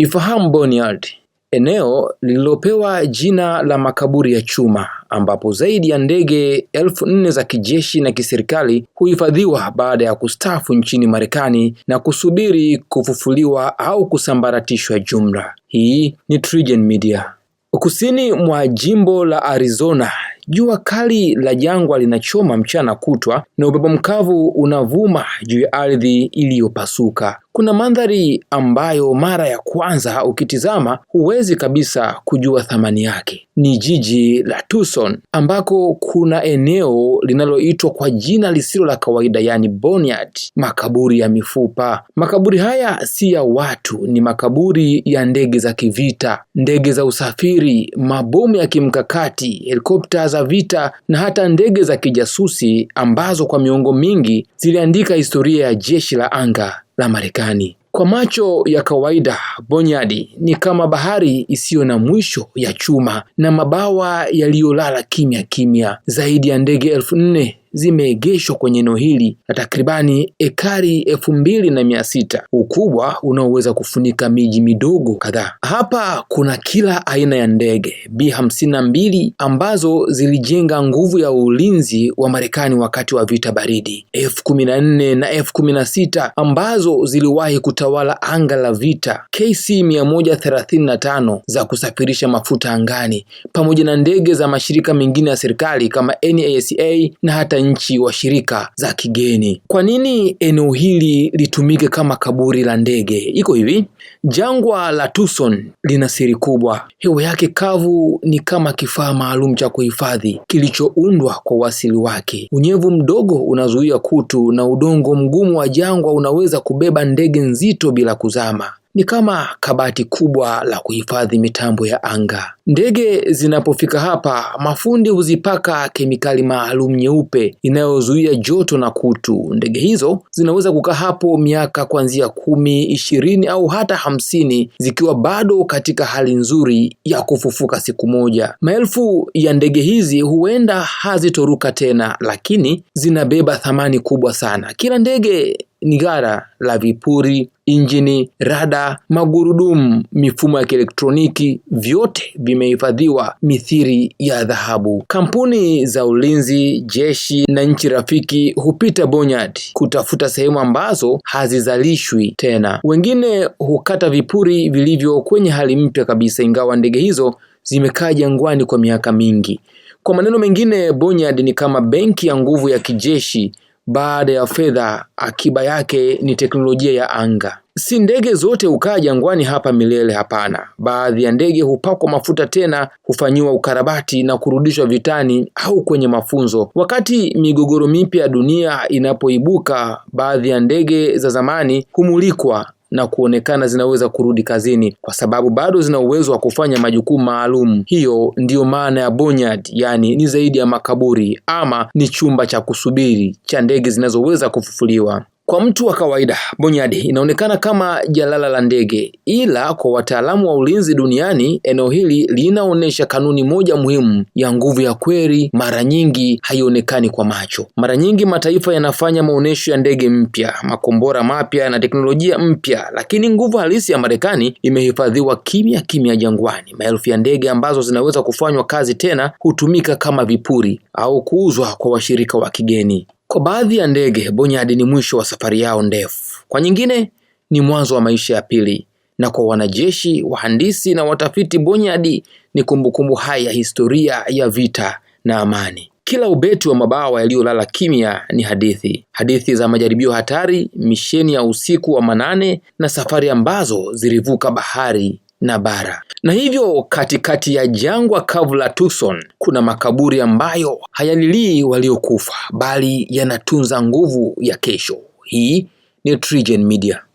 Ifahamu Boneyard, eneo lililopewa jina la makaburi ya chuma ambapo zaidi ya ndege elfu nne za kijeshi na kiserikali huhifadhiwa baada ya kustaafu nchini Marekani na kusubiri kufufuliwa au kusambaratishwa jumla. Hii ni TriGen Media. Kusini mwa jimbo la Arizona, jua kali la jangwa linachoma mchana kutwa na upepo mkavu unavuma juu ya ardhi iliyopasuka kuna mandhari ambayo mara ya kwanza ukitizama huwezi kabisa kujua thamani yake. Ni jiji la Tucson ambako kuna eneo linaloitwa kwa jina lisilo la kawaida, yani Boneyard, makaburi ya mifupa. Makaburi haya si ya watu, ni makaburi ya ndege za kivita, ndege za usafiri, mabomu ya kimkakati, helikopta za vita na hata ndege za kijasusi ambazo kwa miongo mingi ziliandika historia ya jeshi la anga la Marekani. Kwa macho ya kawaida, Bonyadi ni kama bahari isiyo na mwisho ya chuma na mabawa yaliyolala kimya kimya. Zaidi ya ndege elfu nne zimeegeshwa kwenye eneo hili la takribani ekari elfu mbili na mia sita ukubwa unaoweza kufunika miji midogo kadhaa. Hapa kuna kila aina ya ndege B hamsini na mbili ambazo zilijenga nguvu ya ulinzi wa Marekani wakati wa vita baridi, F kumi na nne na F kumi na sita ambazo ziliwahi kutawala anga la vita, KC 135 za kusafirisha mafuta angani, pamoja na ndege za mashirika mengine ya serikali kama NASA na hata hata nchi washirika za kigeni. Kwa nini eneo hili litumike kama kaburi la ndege? Iko hivi, jangwa la Tucson lina siri kubwa. Hewa yake kavu ni kama kifaa maalum cha kuhifadhi kilichoundwa kwa uasili wake. Unyevu mdogo unazuia kutu na udongo mgumu wa jangwa unaweza kubeba ndege nzito bila kuzama ni kama kabati kubwa la kuhifadhi mitambo ya anga. Ndege zinapofika hapa, mafundi huzipaka kemikali maalum nyeupe inayozuia joto na kutu. Ndege hizo zinaweza kukaa hapo miaka kuanzia kumi, ishirini au hata hamsini zikiwa bado katika hali nzuri ya kufufuka siku moja. Maelfu ya ndege hizi huenda hazitoruka tena, lakini zinabeba thamani kubwa sana. Kila ndege ni gara la vipuri, injini, rada, magurudumu, mifumo ya kielektroniki, vyote vimehifadhiwa mithiri ya dhahabu. Kampuni za ulinzi, jeshi na nchi rafiki hupita Bonyard kutafuta sehemu ambazo hazizalishwi tena. Wengine hukata vipuri vilivyo kwenye hali mpya kabisa, ingawa ndege hizo zimekaa jangwani kwa miaka mingi. Kwa maneno mengine, Bonyard ni kama benki ya nguvu ya kijeshi baada ya fedha akiba yake ni teknolojia ya anga. Si ndege zote hukaa jangwani hapa milele, hapana. Baadhi ya ndege hupakwa mafuta tena, hufanyiwa ukarabati na kurudishwa vitani au kwenye mafunzo. Wakati migogoro mipya ya dunia inapoibuka, baadhi ya ndege za zamani humulikwa na kuonekana zinaweza kurudi kazini kwa sababu bado zina uwezo wa kufanya majukumu maalum. Hiyo ndiyo maana ya bonyard, yani ni zaidi ya makaburi ama ni chumba cha kusubiri cha ndege zinazoweza kufufuliwa. Kwa mtu wa kawaida Bonyadi inaonekana kama jalala la ndege, ila kwa wataalamu wa ulinzi duniani eneo hili linaonyesha kanuni moja muhimu ya nguvu ya kweli, mara nyingi haionekani kwa macho. Mara nyingi mataifa yanafanya maonyesho ya ndege mpya, makombora mapya na teknolojia mpya, lakini nguvu halisi ya Marekani imehifadhiwa kimya kimya jangwani. Maelfu ya ndege ambazo zinaweza kufanywa kazi tena hutumika kama vipuri au kuuzwa kwa washirika wa kigeni. Kwa baadhi ya ndege, bonyadi ni mwisho wa safari yao ndefu, kwa nyingine ni mwanzo wa maisha ya pili, na kwa wanajeshi, wahandisi na watafiti, bonyadi ni kumbukumbu hai ya historia ya vita na amani. Kila ubeti wa mabawa yaliyolala kimya ni hadithi, hadithi za majaribio hatari, misheni ya usiku wa manane na safari ambazo zilivuka bahari na bara. Na hivyo katikati ya jangwa kavu la Tucson kuna makaburi ambayo hayalilii waliokufa bali yanatunza nguvu ya kesho. Hii ni TriGen Media.